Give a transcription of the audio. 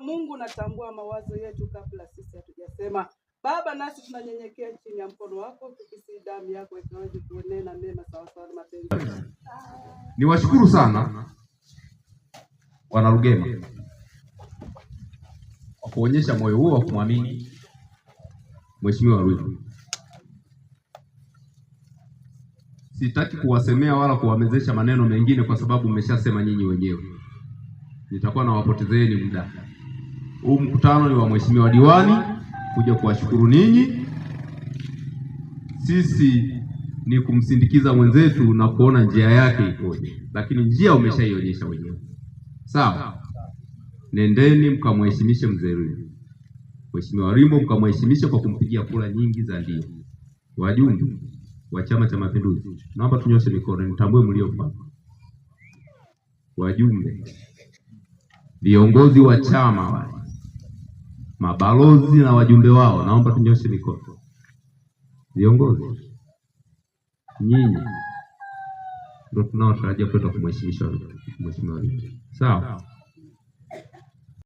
Mungu natambua mawazo yetu kabla sisi hatujasema. Baba, nasi tunanyenyekea chini ya mkono wako tukisi damu yako ikaweze kuenena mema sawasawa na mapenzi. Niwashukuru sana Wanarugema kwa kuonyesha moyo huo wa kumwamini Mheshimiwa Ruju, sitaki kuwasemea wala kuwamezesha maneno mengine kwa sababu mmeshasema nyinyi wenyewe, nitakuwa nawapotezeeni muda. Huu mkutano ni wa mheshimiwa diwani kuja kuwashukuru ninyi, sisi ni kumsindikiza mwenzetu na kuona njia yake ikoje, lakini njia umeshaionyesha wenyewe. Sawa, nendeni mkamheshimishe mzee wenu. Mheshimiwa Rimo mkamheshimisha kwa kumpigia kura nyingi za ndio. Wajumbe wa Chama cha Mapinduzi, naomba tunyoshe mikono nitambue mliofa. Wajumbe, viongozi wa chama wale, mabalozi na wajumbe wao, naomba tunyoshe mikono. Viongozi nyinyi ndio tunaotarajia kwenda kumheshimisha Mheshimiwa Ruto, sawa?